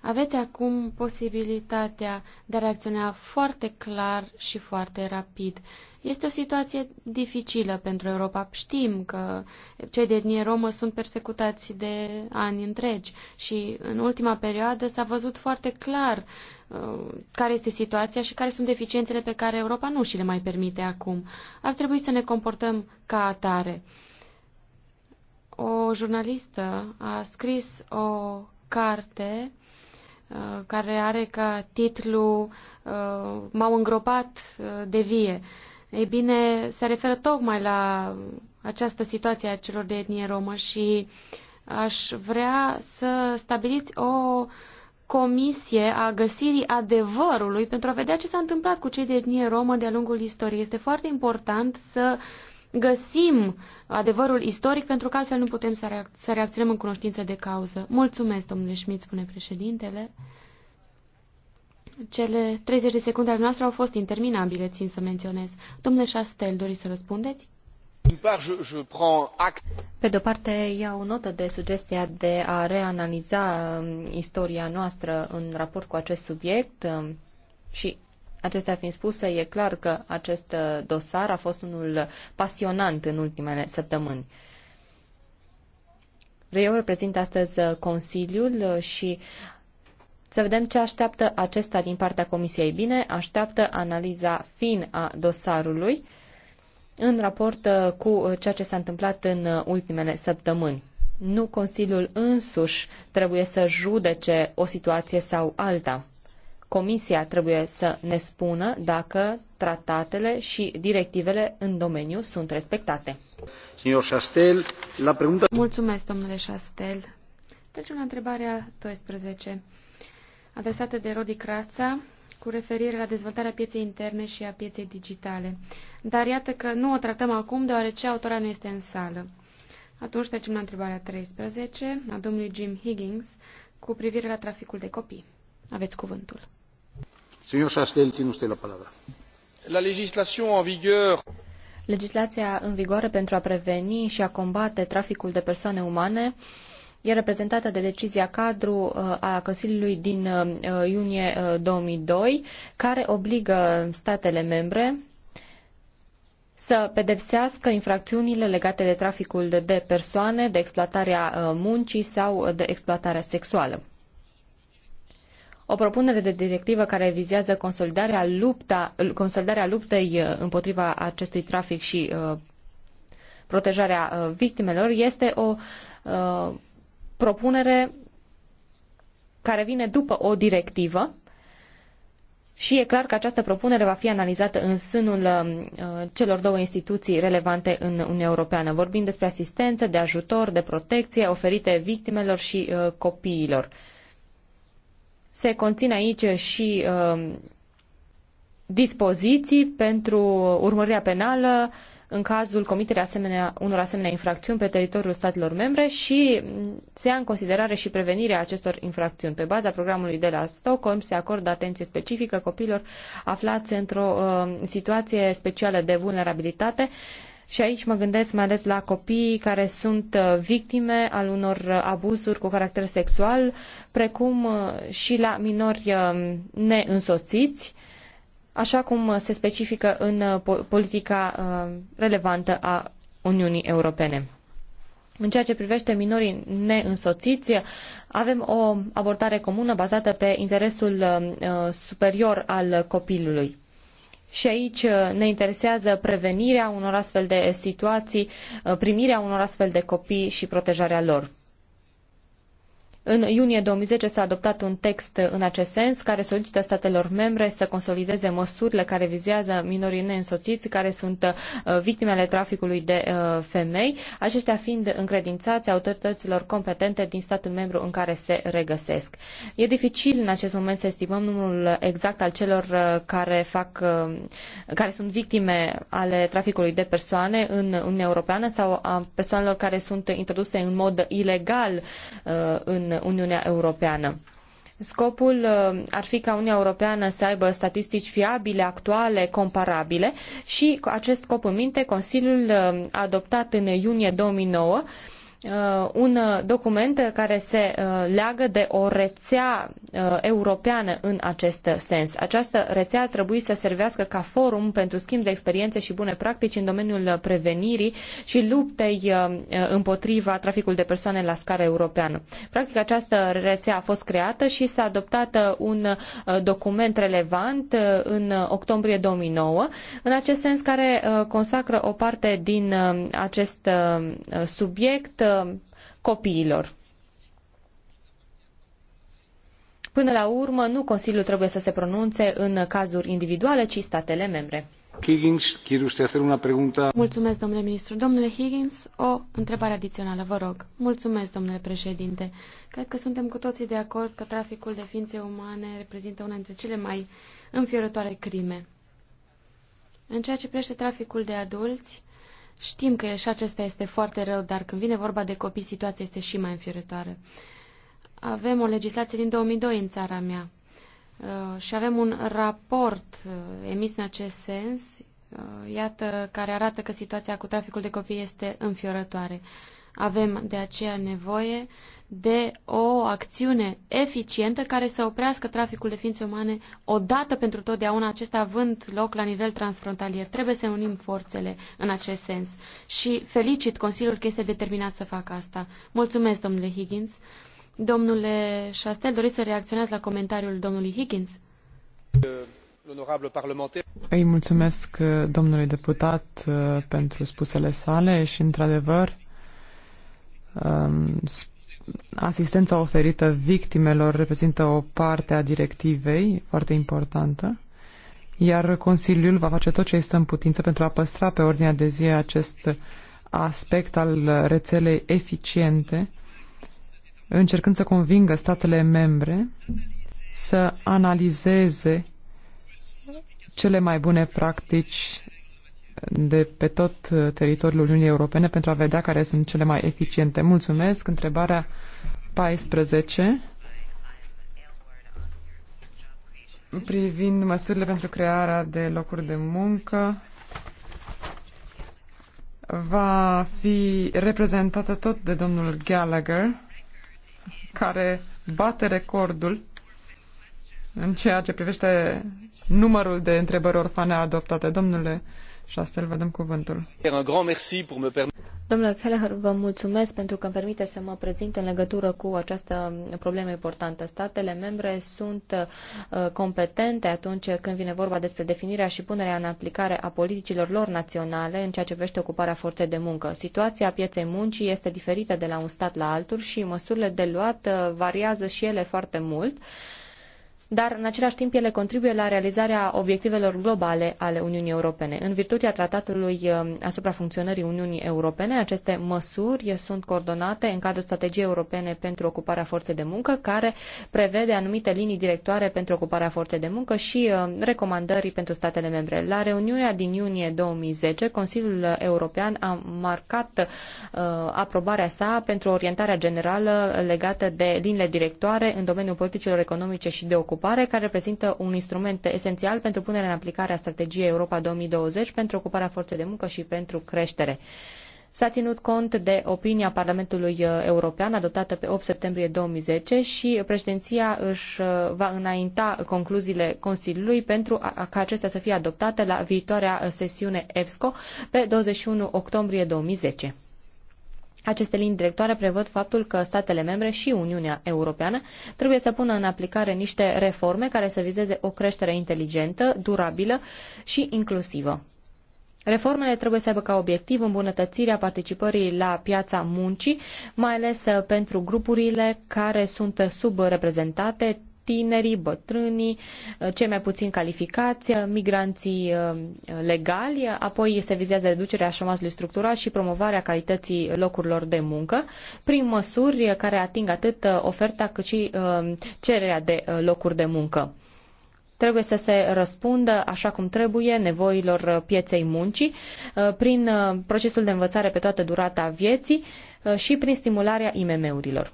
aveți acum posibilitatea de a reacționa foarte clar și foarte rapid. Este o situație dificilă pentru Europa. Știm că cei de etnie romă sunt persecutați de ani întregi și în ultima perioadă s-a văzut foarte clar uh, care este situația și care sunt deficiențele pe care Europa nu și le mai permite acum. Ar trebui să ne comportăm ca atare o jurnalistă a scris o carte uh, care are ca titlu uh, M-au îngropat uh, de vie. Ei bine, se referă tocmai la această situație a celor de etnie romă și aș vrea să stabiliți o comisie a găsirii adevărului pentru a vedea ce s-a întâmplat cu cei de etnie romă de-a lungul istoriei. Este foarte important să uh, găsim adevărul istoric, pentru că altfel nu putem să, reac- să reacționăm în cunoștință de cauză. Mulțumesc, domnule Schmidt, spune președintele. Cele 30 de secunde ale noastre au fost interminabile, țin să menționez. Domnule Șastel, doriți să răspundeți? Pe de-o parte, iau notă de sugestia de a reanaliza um, istoria noastră în raport cu acest subiect um, și Acestea fiind spuse, e clar că acest uh, dosar a fost unul pasionant în ultimele săptămâni. Eu reprezint astăzi uh, Consiliul uh, și să vedem ce așteaptă acesta din partea Comisiei. Bine, așteaptă analiza fin a dosarului în raport cu ceea ce s-a întâmplat în ultimele săptămâni. Nu Consiliul însuși trebuie să judece o situație sau alta. Comisia trebuie să ne spună dacă tratatele și directivele în domeniu sunt respectate. Chastel, la pregunta... Mulțumesc, domnule Șastel. Trecem la întrebarea 12, adresată de Rodi Crața, cu referire la dezvoltarea pieței interne și a pieței digitale. Dar iată că nu o tratăm acum, deoarece autora nu este în sală. Atunci trecem la întrebarea 13 a domnului Jim Higgins cu privire la traficul de copii. Aveți cuvântul. Legislația în vigoare pentru a preveni și a combate traficul de persoane umane e reprezentată de decizia cadru uh, a Consiliului din uh, iunie 2002, uh, care obligă statele membre să pedepsească infracțiunile legate de traficul de persoane, de exploatarea muncii sau de exploatarea sexuală o propunere de directivă care vizează consolidarea, lupta, consolidarea luptei uh, împotriva acestui trafic și uh, protejarea uh, victimelor este o uh, propunere care vine după o directivă și e clar că această propunere va fi analizată în sânul uh, celor două instituții relevante în Uniunea Europeană. Vorbim despre asistență, de ajutor, de protecție oferite victimelor și uh, copiilor. Uh, se conțin aici și um, dispoziții pentru urmărirea penală în cazul comiterii asemenea, unor asemenea infracțiuni pe teritoriul statelor membre și se ia în considerare și prevenirea acestor infracțiuni. Pe baza programului de la Stockholm se acordă atenție specifică copiilor aflați într-o uh, situație specială de vulnerabilitate uh, și aici mă gândesc mai ales la copiii care sunt uh, victime al unor uh, abuzuri cu caracter sexual, precum uh, și la minori neînsoțiți, așa cum se specifică în politica relevantă a Uniunii Europene. În ceea ce privește minorii neînsoțiți, avem o abordare comună bazată pe interesul superior al copilului. Și aici uh, ne interesează prevenirea unor astfel de situații, uh, primirea unor astfel de copii și protejarea lor. În iunie 2010 s-a adoptat un text în acest sens care solicită statelor membre să consolideze măsurile care vizează minorii neînsoțiți care sunt uh, victime ale traficului de uh, femei, aceștia fiind încredințați autorităților competente din statul membru în care se regăsesc. E dificil în acest moment să estimăm numărul exact al celor uh, care, fac, care sunt victime ale traficului de persoane în Uniunea Europeană sau a persoanelor care sunt introduse în mod ilegal în Uniunea Europeană. Scopul uh, ar fi ca Uniunea Europeană să aibă statistici fiabile, actuale, comparabile și cu acest scop în minte, Consiliul uh, a adoptat în iunie 2009 Uh, un uh, document care se uh, leagă de o rețea europeană în acest sens. Această rețea ar trebui să servească ca forum pentru schimb de experiențe și bune practici în domeniul prevenirii și luptei împotriva traficului de persoane la scară europeană. Practic, această rețea a fost creată și s-a adoptat un document relevant în octombrie 2009, în acest sens care consacră o parte din acest subiect Uh, copiilor. Până la urmă, nu Consiliul trebuie să se pronunțe în cazuri individuale, ci statele membre. Higgins, să usted una pregunta? Mulțumesc, domnule ministru. Domnule Higgins, o întrebare adițională, vă rog. Mulțumesc, domnule președinte. Cred că suntem cu toții de acord că traficul de ființe umane reprezintă una dintre cele mai înfiorătoare crime. În ceea ce privește traficul de adulți, Știm că și acesta este foarte rău, dar când vine vorba de copii, situația este și mai înfiorătoare. Avem o legislație din 2002 în țara mea uh, și avem un raport uh, emis în acest sens, uh, iată, care arată că situația cu traficul de copii este înfiorătoare. Avem de aceea nevoie de o acțiune eficientă care să oprească traficul de ființe umane odată pentru totdeauna, acesta având loc la nivel transfrontalier. Trebuie să unim forțele în acest sens și felicit Consiliul că este determinat să facă asta. Mulțumesc, domnule Higgins. Domnule Chastel, doriți să reacționați la comentariul domnului Higgins? Îi mulțumesc domnului deputat pentru spusele sale și, într-adevăr, Um, asistența oferită victimelor reprezintă o parte a directivei foarte importantă, iar Consiliul va face tot ce este în putință pentru a păstra pe ordinea de zi acest aspect al rețelei eficiente, încercând să convingă statele membre să analizeze cele mai bune practici de pe tot uh, teritoriul Uniunii Europene pentru a vedea care sunt cele mai eficiente. Mulțumesc. Întrebarea 14 privind măsurile pentru crearea de locuri de muncă va fi reprezentată tot de domnul Gallagher, care bate recordul în ceea ce privește numărul de întrebări orfane adoptate. Domnule Șastel, vă dăm cuvântul. Domnule Kelleher, vă mulțumesc pentru că îmi permite să mă prezint în legătură cu această problemă importantă. Statele membre sunt uh, competente atunci când vine vorba despre definirea și punerea în aplicare a politicilor lor naționale în ceea ce privește ocuparea forței de muncă. Situația pieței muncii este diferită de la un stat la altul și măsurile de luat uh, variază și ele foarte mult dar în același timp ele contribuie la realizarea obiectivelor globale ale Uniunii Europene. În virtutea tratatului um, asupra funcționării Uniunii Europene, aceste măsuri sunt coordonate în cadrul strategiei europene pentru ocuparea forței de muncă, care prevede anumite linii directoare pentru ocuparea forței de muncă și um, recomandări pentru statele membre. La reuniunea din iunie 2010, Consiliul European a marcat uh, aprobarea sa pentru orientarea generală legată de liniile directoare în domeniul politicilor economice și de ocupare ocupare, care reprezintă un instrument esențial pentru punerea în aplicare a strategiei Europa 2020 pentru ocuparea forței de muncă și pentru creștere. S-a ținut cont de opinia Parlamentului uh, European adoptată pe 8 septembrie 2010 și președinția își uh, va înainta concluziile Consiliului pentru a, ca acestea să fie adoptate la viitoarea uh, sesiune EFSCO pe 21 octombrie 2010. Aceste linii directoare prevăd faptul că statele membre și Uniunea Europeană trebuie să pună în aplicare niște reforme care să vizeze o creștere inteligentă, durabilă și inclusivă. Reformele trebuie să aibă ca obiectiv îmbunătățirea participării la piața muncii, mai ales uh, pentru grupurile care sunt subreprezentate, tinerii, bătrânii, uh, cei mai puțin calificați, uh, migranții uh, legali, apoi se vizează reducerea șomajului structural și promovarea calității locurilor de muncă, prin măsuri care ating atât oferta cât și cererea de locuri de muncă trebuie să se răspundă așa cum trebuie nevoilor pieței muncii prin procesul de învățare pe toată durata vieții și prin stimularea IMM-urilor.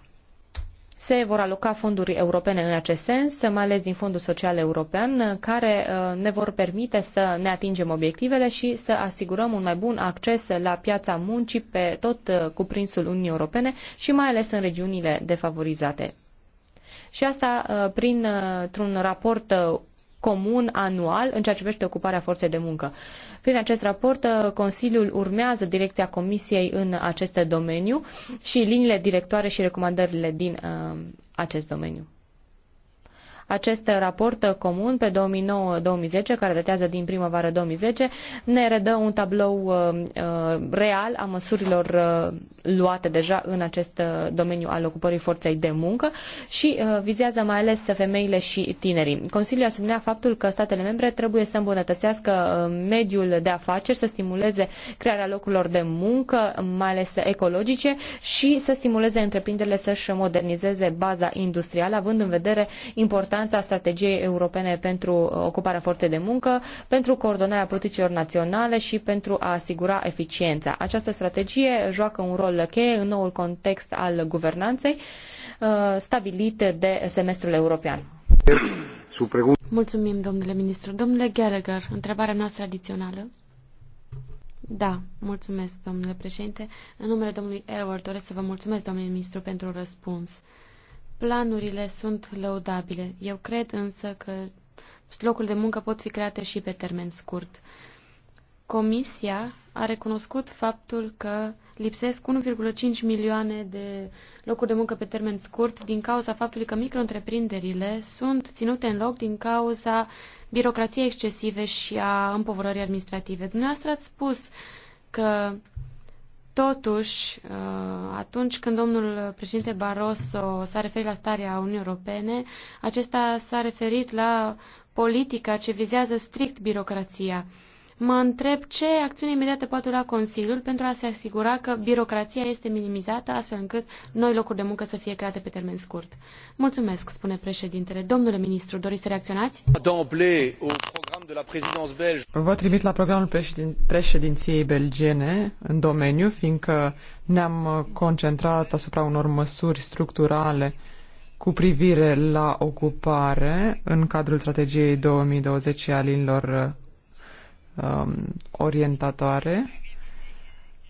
Se vor aloca fonduri europene în acest sens, mai ales din Fondul Social European, care uh, ne vor permite să ne atingem obiectivele și să asigurăm un mai bun acces la piața muncii pe tot uh, cuprinsul Uniunii Europene și mai ales în regiunile defavorizate. Și asta uh, printr-un raport comun anual în ceea ce privește ocuparea forței de muncă. Prin acest raport, uh, Consiliul urmează direcția Comisiei în acest domeniu și liniile directoare și recomandările din uh, acest domeniu. Acest raport comun pe 2009-2010, care datează din primăvară 2010, ne redă un tablou uh, uh, real a măsurilor uh, luate deja în acest domeniu al ocupării forței de muncă și vizează mai ales femeile și tinerii. Consiliul a subliniat faptul că statele membre trebuie să îmbunătățească mediul de afaceri, să stimuleze crearea locurilor de muncă, mai ales ecologice, și să stimuleze întreprinderile să-și modernizeze baza industrială, având în vedere importanța importanța strategiei europene pentru ocuparea forței de muncă, pentru coordonarea politicilor naționale și pentru a asigura eficiența. Această strategie joacă un rol cheie în noul context al guvernanței uh, stabilit de semestrul european. Mulțumim, domnule ministru. Domnule Gallagher, întrebarea noastră adițională. Da, mulțumesc, domnule președinte. În numele domnului Elward doresc să vă mulțumesc, domnule ministru, pentru răspuns. Planurile sunt lăudabile. Eu cred însă că locuri de muncă pot fi create și pe termen scurt. Comisia a recunoscut faptul că lipsesc 1,5 milioane de locuri de muncă pe termen scurt din cauza faptului că micro-întreprinderile sunt ținute în loc din cauza birocrației excesive și a împovărării administrative. Dumneavoastră ați spus că Totuși, uh, atunci când domnul președinte Barroso s-a referit la starea Uniunii Europene, acesta s-a referit la politica ce vizează strict birocrația. Uh, Mă întreb ce acțiune imediată poate lua Consiliul pentru a se asigura că birocrația este minimizată, astfel încât noi locuri de muncă să fie create pe termen scurt. Mulțumesc, spune președintele. Domnule ministru, doriți să reacționați? Vă trimit la programul președin- președinției belgiene în domeniu, fiindcă ne-am concentrat asupra unor măsuri structurale cu privire la ocupare în cadrul strategiei 2020 a linilor uh, orientatoare.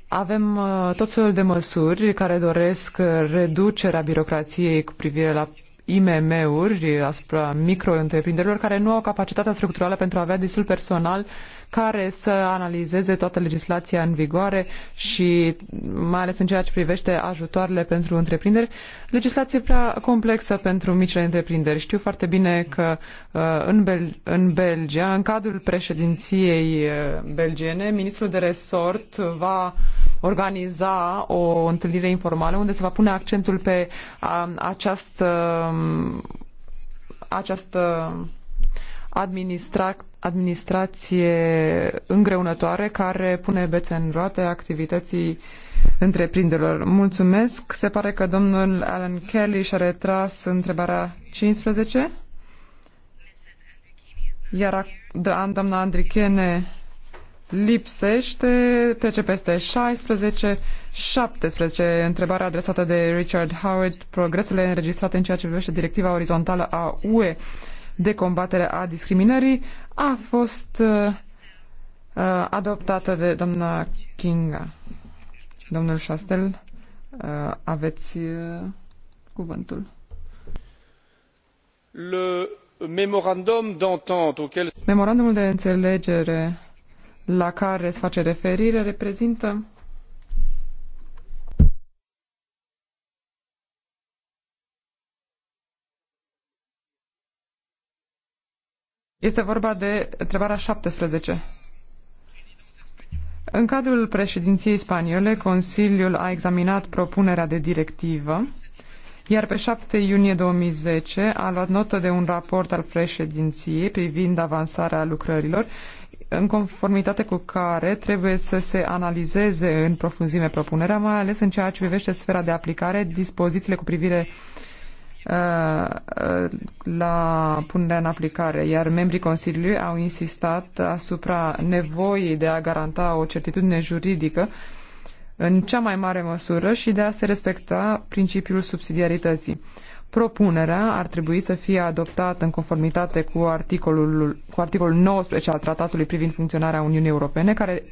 Avem uh, tot felul de măsuri care doresc reducerea birocrației cu privire la IMM-uri asupra micro-întreprinderilor care nu au capacitatea structurală pentru a avea destul personal uh, care să analizeze toată legislația în vigoare și mai ales în ceea ce privește ajutoarele pentru întreprinderi. Legislație prea complexă pentru micile întreprinderi. Știu foarte bine că uh, în, Bel- în Belgia, în cadrul președinției uh, belgiene, ministrul de resort va organiza o întâlnire informală unde se va pune accentul pe um, această um, această administrat administrație îngreunătoare care pune bețe în roate activității întreprinderilor. Mulțumesc. Se pare că domnul Alan Kelly și-a retras întrebarea 15. Iar da, doamna Andrichene lipsește, trece peste 16, 17, întrebarea adresată de Richard Howard, progresele înregistrate în ceea ce privește directiva orizontală a UE de combatere a discriminării a fost uh, uh, adoptată de doamna Kinga. Domnul Șastel, uh, aveți uh, cuvântul. Le memorandum auquel... Memorandumul de înțelegere la care se face referire reprezintă Este vorba de întrebarea 17. În cadrul președinției spaniole, Consiliul a examinat propunerea de directivă, iar pe 7 iunie 2010 a luat notă de un raport al președinției privind avansarea lucrărilor, în conformitate cu care trebuie să se analizeze în profunzime propunerea, mai ales în ceea ce privește sfera de aplicare, dispozițiile cu privire uh, Uh, la punerea în aplicare, iar membrii Consiliului au insistat asupra nevoii de a garanta o certitudine juridică în cea mai mare măsură și de a se respecta principiul subsidiarității. Propunerea ar trebui să fie adoptată în conformitate cu articolul, cu articolul 19 al Tratatului privind funcționarea Uniunii Europene, care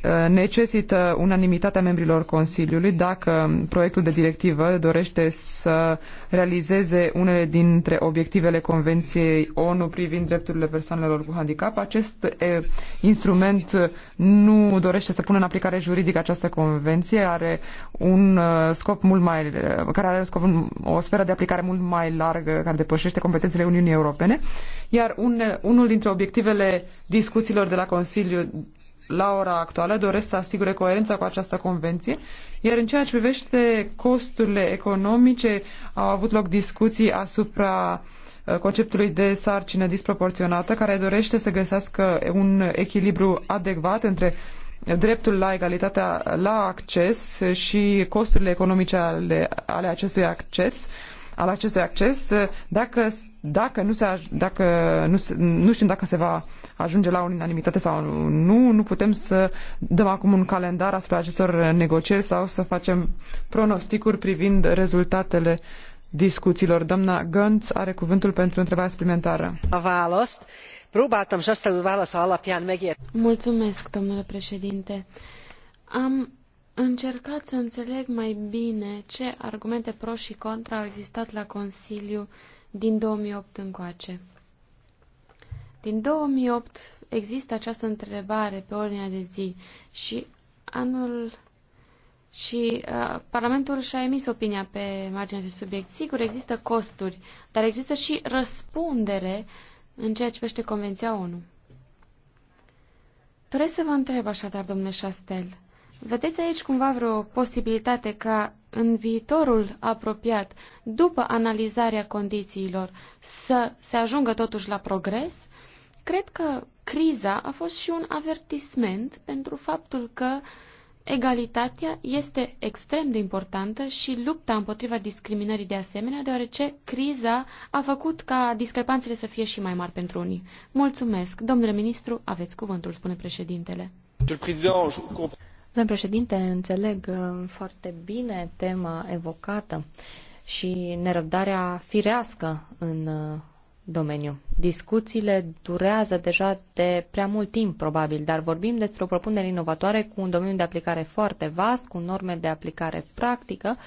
Uh, necesită unanimitatea membrilor Consiliului dacă proiectul de directivă dorește să realizeze unele dintre obiectivele Convenției ONU privind drepturile persoanelor cu handicap. Acest uh, instrument nu dorește să pună în aplicare juridică această convenție, are un uh, scop mult mai, care are scop, o sferă de aplicare mult mai largă, care depășește competențele Uniunii Europene, iar un, unul dintre obiectivele discuțiilor de la Consiliu la ora actuală doresc să asigure coerența cu această convenție, iar în ceea ce privește costurile economice, au avut loc discuții asupra uh, conceptului de sarcină disproporționată, care dorește să găsească un echilibru adecvat între dreptul la egalitatea la acces și costurile economice ale, ale acestui acces al acestui acces, uh, dacă, dacă, nu, se, dacă nu, nu știm dacă se va ajunge la unanimitate sau nu. Nu putem să dăm acum un calendar asupra acestor negocieri sau să facem pronosticuri privind rezultatele discuțiilor. Doamna Gönz are cuvântul pentru întrebarea suplimentară. Mulțumesc, domnule președinte. Am încercat să înțeleg mai bine ce argumente pro și contra au existat la Consiliu din 2008 încoace. Din 2008 există această întrebare pe ordinea de zi și anul și uh, Parlamentul și-a emis opinia pe marginea de subiect. Sigur, există costuri, dar există și răspundere în ceea ce privește Convenția ONU. Doresc să vă întreb așadar, domnule Șastel, vedeți aici cumva vreo posibilitate ca în viitorul apropiat, după analizarea condițiilor, să se ajungă totuși la progres? Cred că criza a fost și un avertisment pentru faptul că egalitatea este extrem de importantă și lupta împotriva discriminării de asemenea, deoarece criza a făcut ca discrepanțele să fie și mai mari pentru unii. Mulțumesc. Domnule ministru, aveți cuvântul, spune președintele. Domnule președinte, înțeleg uh, foarte bine tema evocată și nerăbdarea firească în uh, domeniu. Discuțiile durează deja de prea mult timp, probabil, dar vorbim despre o propunere inovatoare cu un domeniu de aplicare foarte vast, cu norme de aplicare practică, uh,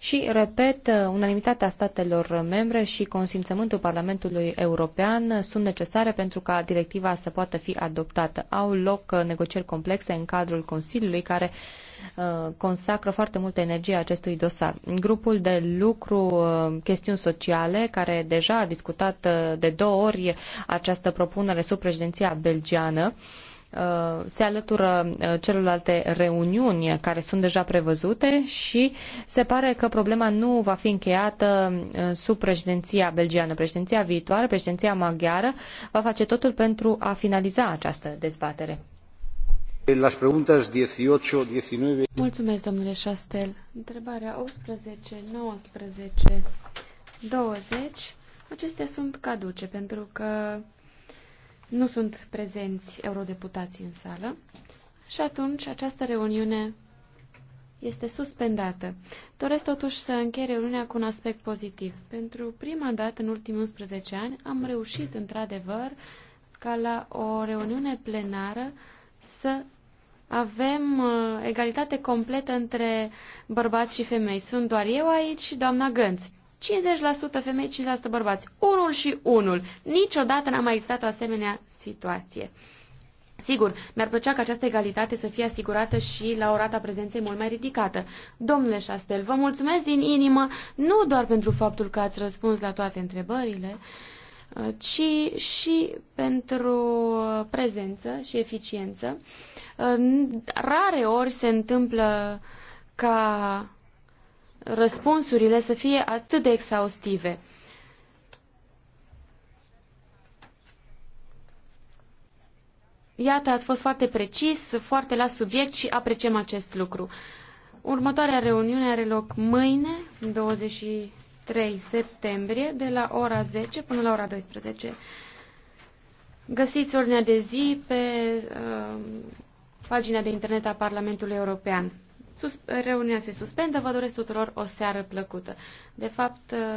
și, repet, unanimitatea statelor membre și consimțământul Parlamentului European sunt necesare pentru ca directiva să poată fi adoptată. Au loc negocieri complexe în cadrul Consiliului care uh, consacră foarte multă energie acestui dosar. Grupul de lucru uh, chestiuni sociale, care deja a discutat uh, de două ori această propunere sub președinția belgiană, Uh, se alătură uh, celorlalte reuniuni care sunt deja prevăzute și se pare că problema nu va fi încheiată uh, sub președinția belgiană. Președinția viitoare, președinția maghiară, va face totul pentru a finaliza această dezbatere. Las preguntas 18, 19. Mulțumesc, domnule Șastel. Întrebarea 18, 19, 20. Acestea sunt caduce pentru că nu sunt prezenți eurodeputații în sală și atunci această reuniune este suspendată. Doresc totuși să închei reuniunea cu un aspect pozitiv. Pentru prima dată în ultimii 11 ani am reușit într-adevăr ca la o reuniune plenară să avem uh, egalitate completă între bărbați și femei. Sunt doar eu aici și doamna Gânț. 50% femei, 50% bărbați. Unul și unul. Niciodată n-a mai existat o asemenea situație. Sigur, mi-ar plăcea ca această egalitate să fie asigurată și la o rata prezenței mult mai ridicată. Domnule Șastel, vă mulțumesc din inimă, nu doar pentru faptul că ați răspuns la toate întrebările, ci și pentru prezență și eficiență. Rare ori se întâmplă ca răspunsurile să fie atât de exhaustive. Iată, ați fost foarte precis, foarte la subiect și apreciem acest lucru. Următoarea reuniune are loc mâine, 23 septembrie, de la ora 10 până la ora 12. Găsiți ordinea de zi pe uh, pagina de internet a Parlamentului European. Sus, reuniunea se suspendă. Vă doresc tuturor o seară plăcută. De fapt,